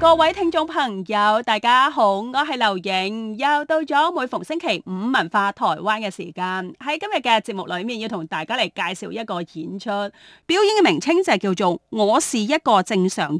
各位聽眾朋友，大家好，我係劉瑩，又到咗每逢星期五文化台灣嘅時間。喺今日嘅節目裏面，要同大家嚟介紹一個演出表演嘅名稱，就係叫做《我是一個正常人》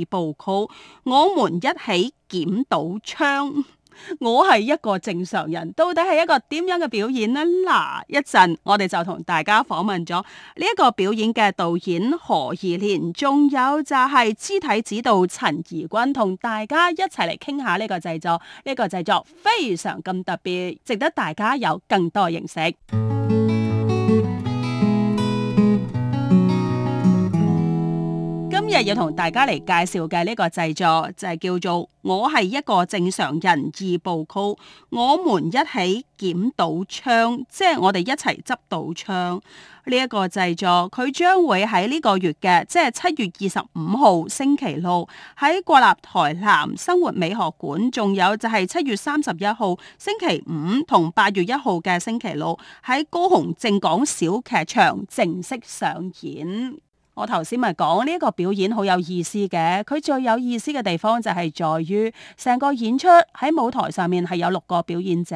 二部曲，我們一起撿到槍。我係一個正常人，到底係一個點樣嘅表演呢？嗱，一陣我哋就同大家訪問咗呢一個表演嘅導演何怡蓮，仲有就係肢體指導陳怡君，同大家一齊嚟傾下呢個製作，呢個製作非常咁特別，值得大家有更多認識。今日要同大家嚟介紹嘅呢個製作就係叫做我係一個正常人二部曲，我們一起撿到槍，即係我哋一齊執到槍呢一個製作，佢將會喺呢個月嘅即係七月二十五號星期六喺國立台南生活美學館，仲有就係七月三十一號星期五同八月一號嘅星期六喺高雄正港小劇場正式上演。我頭先咪講呢個表演好有意思嘅，佢最有意思嘅地方就係在於成個演出喺舞台上面係有六個表演者，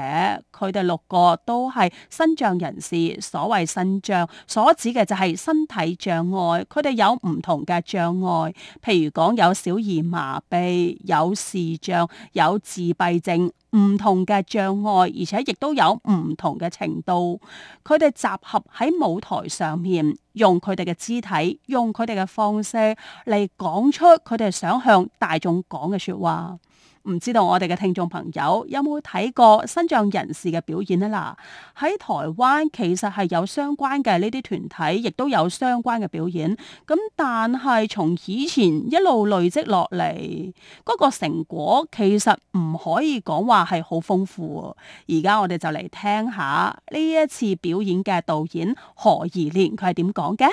佢哋六個都係身障人士。所謂身障所指嘅就係身體障礙，佢哋有唔同嘅障礙，譬如講有小兒麻痹、有視障、有自閉症。唔同嘅障礙，而且亦都有唔同嘅程度。佢哋集合喺舞台上面，用佢哋嘅肢體，用佢哋嘅方式嚟講出佢哋想向大眾講嘅說話。唔知道我哋嘅聽眾朋友有冇睇過身障人士嘅表演啊？嗱，喺台灣其實係有相關嘅呢啲團體，亦都有相關嘅表演。咁但係從以前一路累積落嚟，嗰、嗰個成果其實唔可以講話係好豐富。而家我哋就嚟聽下呢一次表演嘅導演何怡蓮佢係點講嘅。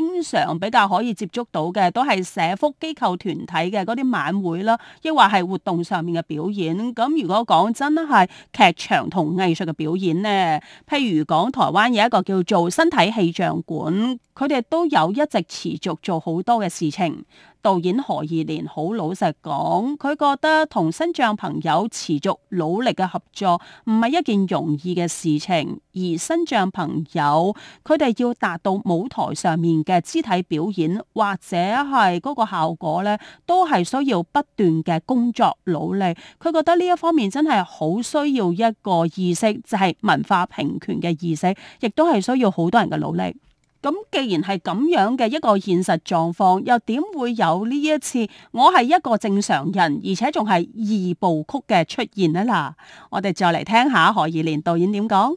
經常比較可以接觸到嘅都係社福機構團體嘅嗰啲晚會啦，亦或係活動上面嘅表演。咁如果講真係劇場同藝術嘅表演呢？譬如講台灣有一個叫做身體氣象館，佢哋都有一直持續做好多嘅事情。導演何義年，好老實講，佢覺得同身障朋友持續努力嘅合作唔係一件容易嘅事情，而身障朋友佢哋要達到舞台上面嘅肢體表演或者係嗰個效果呢，都係需要不斷嘅工作努力。佢覺得呢一方面真係好需要一個意識，就係文化平權嘅意識，亦都係需要好多人嘅努力。咁既然係咁樣嘅一個現實狀況，又點會有呢一次我係一個正常人，而且仲係二部曲嘅出現呢？嗱，我哋再嚟聽下何怡蓮導演點講。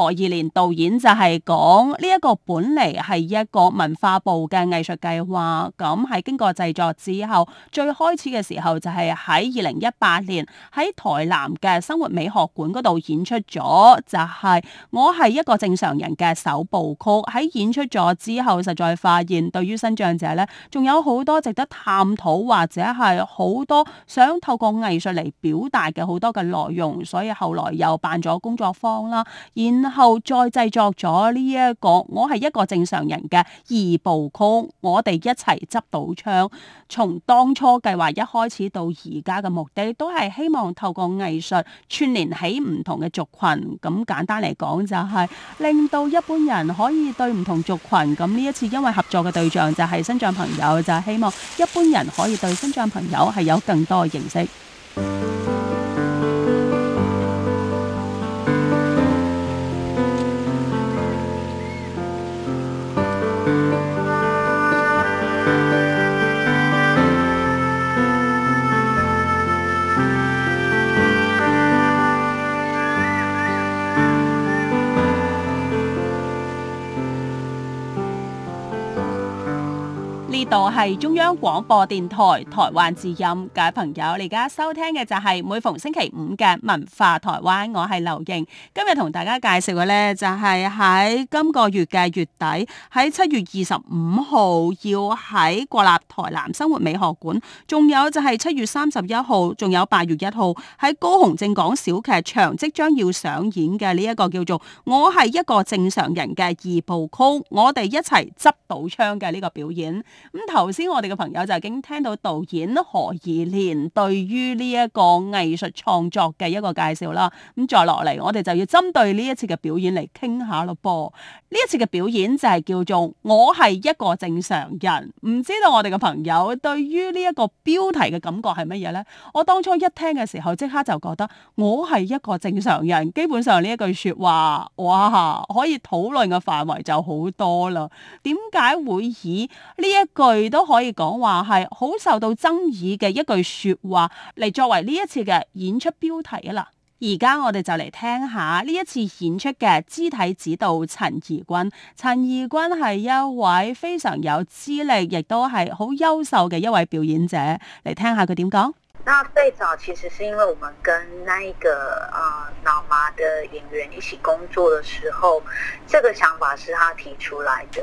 何以廉導演就係講呢一個本嚟係一個文化部嘅藝術計劃，咁係經過製作之後，最開始嘅時候就係喺二零一八年喺台南嘅生活美學館嗰度演出咗，就係、是、我係一個正常人嘅首部曲。喺演出咗之後，實在發現對於身障者咧，仲有好多值得探討或者係好多想透過藝術嚟表達嘅好多嘅內容，所以後來又辦咗工作坊啦，然後再製作咗呢一個，我係一個正常人嘅二部曲，我哋一齊執到槍。從當初計劃一開始到而家嘅目的，都係希望透過藝術串聯起唔同嘅族群。咁簡單嚟講，就是，就係令到一般人可以對唔同族群。咁呢一次，因為合作嘅對象就係身障朋友，就係、是、希望一般人可以對身障朋友係有更多嘅認識。係中央廣播電台臺灣之音，各位朋友，你而家收聽嘅就係每逢星期五嘅文化臺灣，我係劉瑩，今日同大家介紹嘅咧就係喺今個月嘅月底，喺七月二十五號要喺國立台南生活美學館，仲有就係七月三十一號，仲有八月一號喺高雄正港小劇場即將要上演嘅呢一個叫做《我係一個正常人》嘅二部曲，我哋一齊執到槍嘅呢個表演咁頭。嗯首先，我哋嘅朋友就已經聽到導演何以蓮對於呢一個藝術創作嘅一個介紹啦。咁再落嚟，我哋就要針對呢一次嘅表演嚟傾下咯噃。呢一次嘅表演就係叫做《我係一個正常人》。唔知道我哋嘅朋友對於呢一個標題嘅感覺係乜嘢咧？我當初一聽嘅時候，即刻就覺得我係一個正常人。基本上呢一句說話哇，可以討論嘅範圍就好多啦。點解會以呢一句都？都可以講話係好受到爭議嘅一句說話，嚟作為呢一次嘅演出標題啊啦！而家我哋就嚟聽下呢一次演出嘅肢體指導陳怡君。陳怡君係一位非常有資歷，亦都係好優秀嘅一位表演者。嚟聽下佢點講。那最早其實是因為我們跟那個啊、呃、腦麻的演員一起工作的時候，這個想法是他提出來的。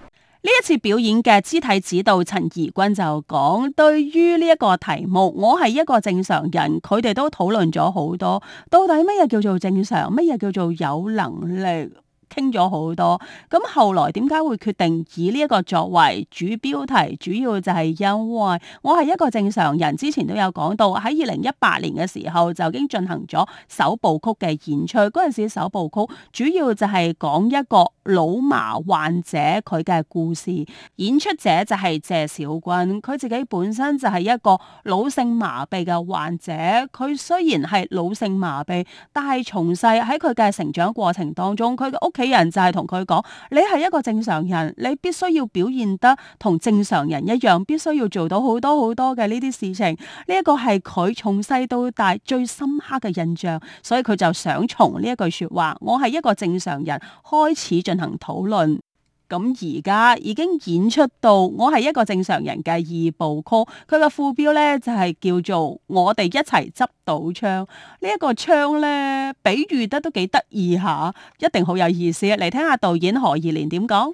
呢一次表演嘅肢體指導陳怡君就講：對於呢一個題目，我係一個正常人，佢哋都討論咗好多，到底乜嘢叫做正常，乜嘢叫做有能力。傾咗好多，咁後來點解會決定以呢一個作為主標題？主要就係因為我係一個正常人。之前都有講到喺二零一八年嘅時候就已經進行咗首部曲嘅演出。嗰陣時首部曲主要就係講一個腦麻患者佢嘅故事，演出者就係謝小君。佢自己本身就係一個腦性麻痹嘅患者，佢雖然係腦性麻痹，但係從細喺佢嘅成長過程當中，佢嘅屋企人就係同佢講，你係一個正常人，你必須要表現得同正常人一樣，必須要做到好多好多嘅呢啲事情。呢一個係佢從細到大最深刻嘅印象，所以佢就想從呢一句說話，我係一個正常人，開始進行討論。咁而家已經演出到，我係一個正常人嘅二部曲，佢個副標呢就係、是、叫做我哋一齊執到槍。呢、這、一個槍呢，比喻得都幾得意嚇，一定好有意思。嚟聽下導演何怡蓮點講。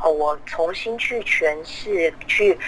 哦，我重新去詮釋，去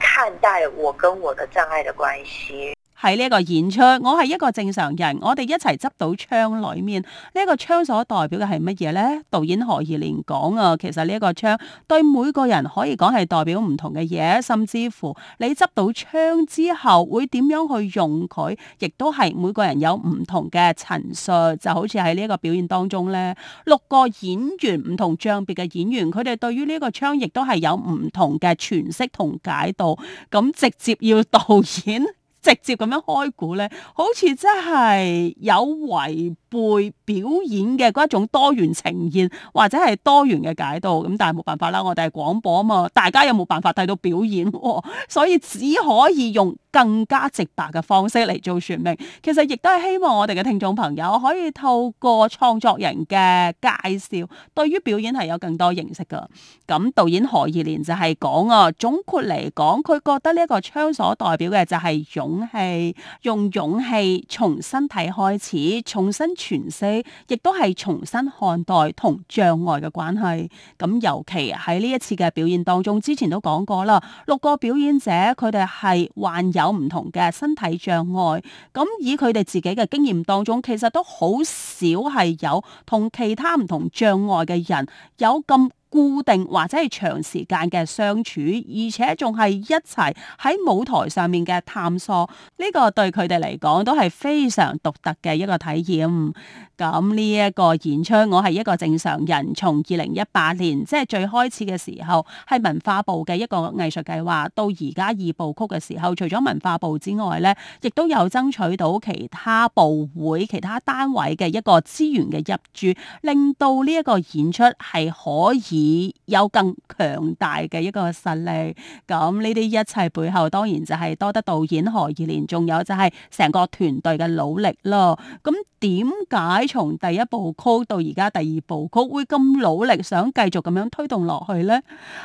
看待我跟我的障礙的關係。喺呢一個演出，我係一個正常人，我哋一齊執到槍裏面呢一、這個槍所代表嘅係乜嘢呢？導演何業連講啊，其實呢一個槍對每個人可以講係代表唔同嘅嘢，甚至乎你執到槍之後會點樣去用佢，亦都係每個人有唔同嘅陳述。就好似喺呢一個表演當中呢，六個演員唔同障別嘅演員，佢哋對於呢個槍亦都係有唔同嘅詮釋同解讀。咁直接要導演。直接咁樣開估咧，好似真係有違背。表演嘅嗰一種多元呈現或者係多元嘅解讀，咁但係冇辦法啦，我哋係廣播啊嘛，大家有冇辦法睇到表演？哦，所以只可以用更加直白嘅方式嚟做說明。其實亦都係希望我哋嘅聽眾朋友可以透過創作人嘅介紹對於表演係有更多認識噶。咁導演何業蓮就係講啊，總括嚟講，佢覺得呢一個槍所代表嘅就係勇氣，用勇氣從身體開始重新詮釋。亦都係重新看待同障礙嘅關係，咁尤其喺呢一次嘅表演當中，之前都講過啦，六個表演者佢哋係患有唔同嘅身體障礙，咁以佢哋自己嘅經驗當中，其實都好少係有同其他唔同障礙嘅人有咁固定或者係長時間嘅相處，而且仲係一齊喺舞台上面嘅探索，呢個對佢哋嚟講都係非常獨特嘅一個體驗，咁呢一個演出，我係一個正常人，從二零一八年即係最開始嘅時候，係文化部嘅一個藝術計劃到而家二部曲嘅時候，除咗文化部之外咧，亦都有爭取到其他部會其他單位嘅一個資源嘅入駐，令到呢一個演出係可以。有更強大嘅一個實力，咁呢啲一切背後當然就係多得導演何以連，仲有就係成個團隊嘅努力咯。咁點解從第一部曲到而家第二部曲會咁努力，想繼續咁樣推動落去呢？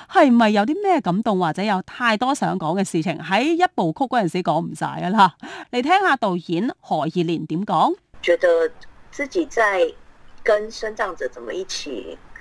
係咪有啲咩感動，或者有太多想講嘅事情喺一部曲嗰陣時講唔晒㗎啦，嚟聽下導演何以連點講。覺得自己在跟生長者怎麼一起？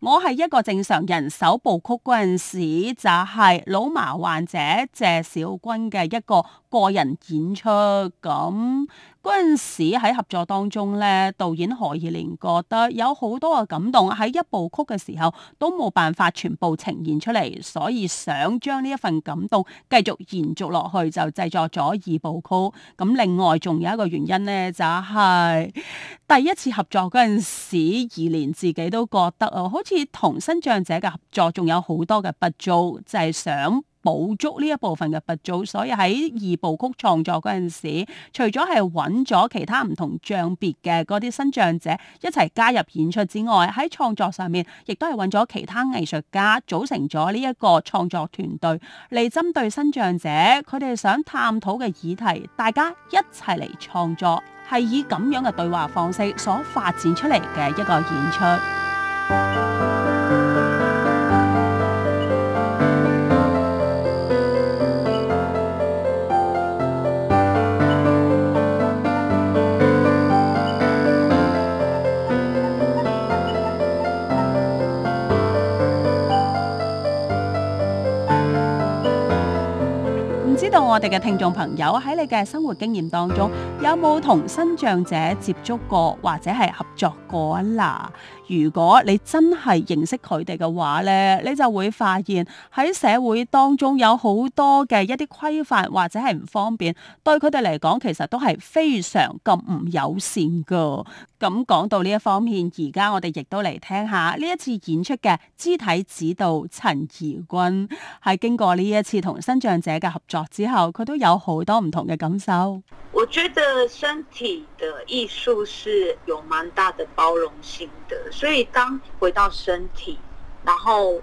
我係一個正常人，首部曲嗰陣時，就係、是、腦麻患者謝小君嘅一個個人演出咁。嗰陣時喺合作當中咧，導演何以連覺得有好多嘅感動喺一部曲嘅時候都冇辦法全部呈現出嚟，所以想將呢一份感動繼續延續落去，就製作咗二部曲。咁另外仲有一個原因呢、就是，就係第一次合作嗰陣時，以連自己都覺得哦，好似同身障者嘅合作仲有好多嘅不足，就係、是、想。補足呢一部分嘅不足，所以喺二部曲創作嗰陣時，除咗係揾咗其他唔同障別嘅嗰啲身障者一齊加入演出之外，喺創作上面亦都係揾咗其他藝術家，組成咗呢一個創作團隊嚟針對身障者佢哋想探討嘅議題，大家一齊嚟創作，係以咁樣嘅對話方式所發展出嚟嘅一個演出。我哋嘅聽眾朋友，喺你嘅生活經驗當中，有冇同身障者接觸過或者係合作過吖嗱，如果你真係認識佢哋嘅話呢，你就會發現喺社會當中有好多嘅一啲規範或者係唔方便，對佢哋嚟講其實都係非常咁唔友善噶。咁講到呢一方面，而家我哋亦都嚟聽下呢一次演出嘅肢體指導陳怡君，係經過呢一次同身障者嘅合作之後，佢都有好多唔同嘅感受。我覺得身體的藝術是有蠻大嘅包容性的，所以當回到身體，然後。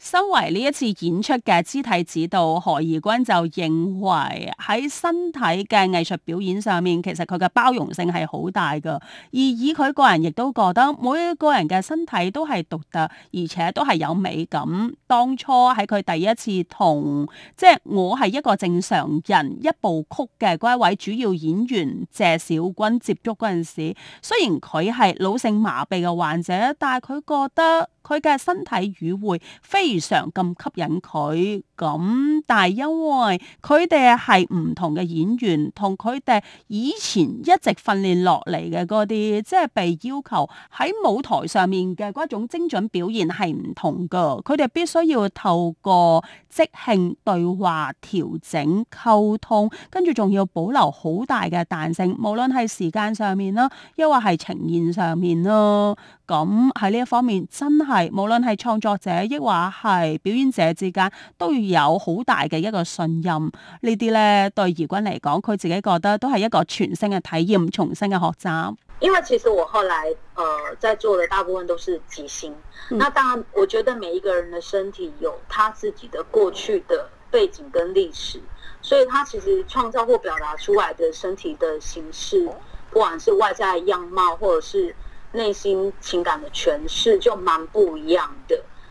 身為呢一次演出嘅肢體指導何宜君就認為喺身體嘅藝術表演上面，其實佢嘅包容性係好大㗎。而以佢個人亦都覺得每一個人嘅身體都係獨特，而且都係有美感。當初喺佢第一次同即係我係一個正常人一部曲嘅嗰一位主要演員謝小君接觸嗰陣時，雖然佢係腦性麻痹嘅患者，但係佢覺得佢嘅身體語匯非。如常咁吸引佢。咁，但係因為佢哋係唔同嘅演員同佢哋以前一直訓練落嚟嘅啲，即係被要求喺舞台上面嘅嗰一種精準表現係唔同噶。佢哋必須要透過即興對話調整溝通，跟住仲要保留好大嘅彈性，無論係時間上面啦，抑或係呈現上面啦。咁喺呢一方面真係，無論係創作者抑或係表演者之間都要。有好大嘅一個信任，呢啲呢，對怡君嚟講，佢自己覺得都係一個全新嘅體驗，重新嘅學習。因為其實我後來，誒、呃，在座的大部分都是即興。嗯、那當然，我覺得每一個人的身體有他自己的過去的背景跟歷史，所以他其實創造或表達出來的身體的形式，不管是外在樣貌，或者是內心情感的詮釋，就蠻不一樣的。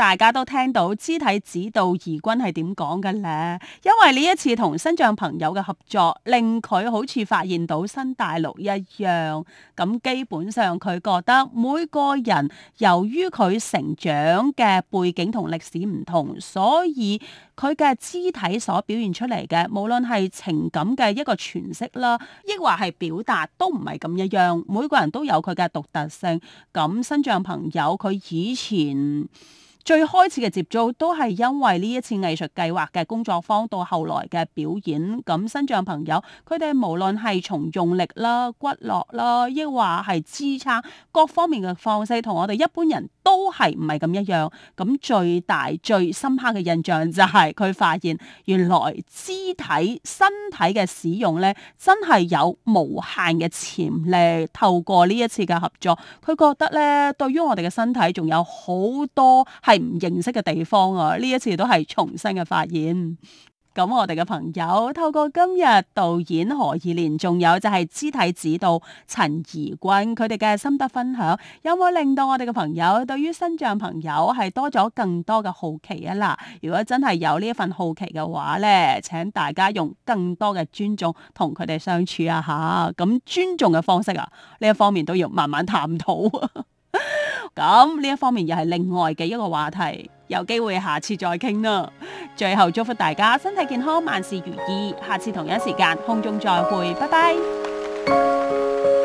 大家都聽到肢體指導義軍係點講嘅咧，因為呢一次同身障朋友嘅合作，令佢好似發現到新大陸一樣。咁基本上佢覺得每個人由於佢成長嘅背景同歷史唔同，所以佢嘅肢體所表現出嚟嘅，無論係情感嘅一個詮釋啦，亦或係表達，都唔係咁一樣。每個人都有佢嘅獨特性。咁身障朋友佢以前。最開始嘅接觸都係因為呢一次藝術計劃嘅工作坊，到後來嘅表演。咁身障朋友佢哋無論係從用力啦、骨骼啦，抑或係支撐各方面嘅方式，同我哋一般人，都係唔係咁一樣，咁最大最深刻嘅印象就係佢發現，原來肢體身體嘅使用呢，真係有無限嘅潛力。透過呢一次嘅合作，佢覺得呢，對於我哋嘅身體仲有好多係唔認識嘅地方啊！呢一次都係重新嘅發現。咁我哋嘅朋友透過今日導演何以蓮，仲有就係肢體指導陳怡君，佢哋嘅心得分享，有冇令到我哋嘅朋友對於身障朋友係多咗更多嘅好奇啊嗱？如果真係有呢一份好奇嘅話呢，請大家用更多嘅尊重同佢哋相處啊吓，咁尊重嘅方式啊呢一方面都要慢慢探討。咁 呢一方面又係另外嘅一個話題。有機會下次再傾啦！最後祝福大家身體健康，萬事如意。下次同一時間，空中再會，拜拜。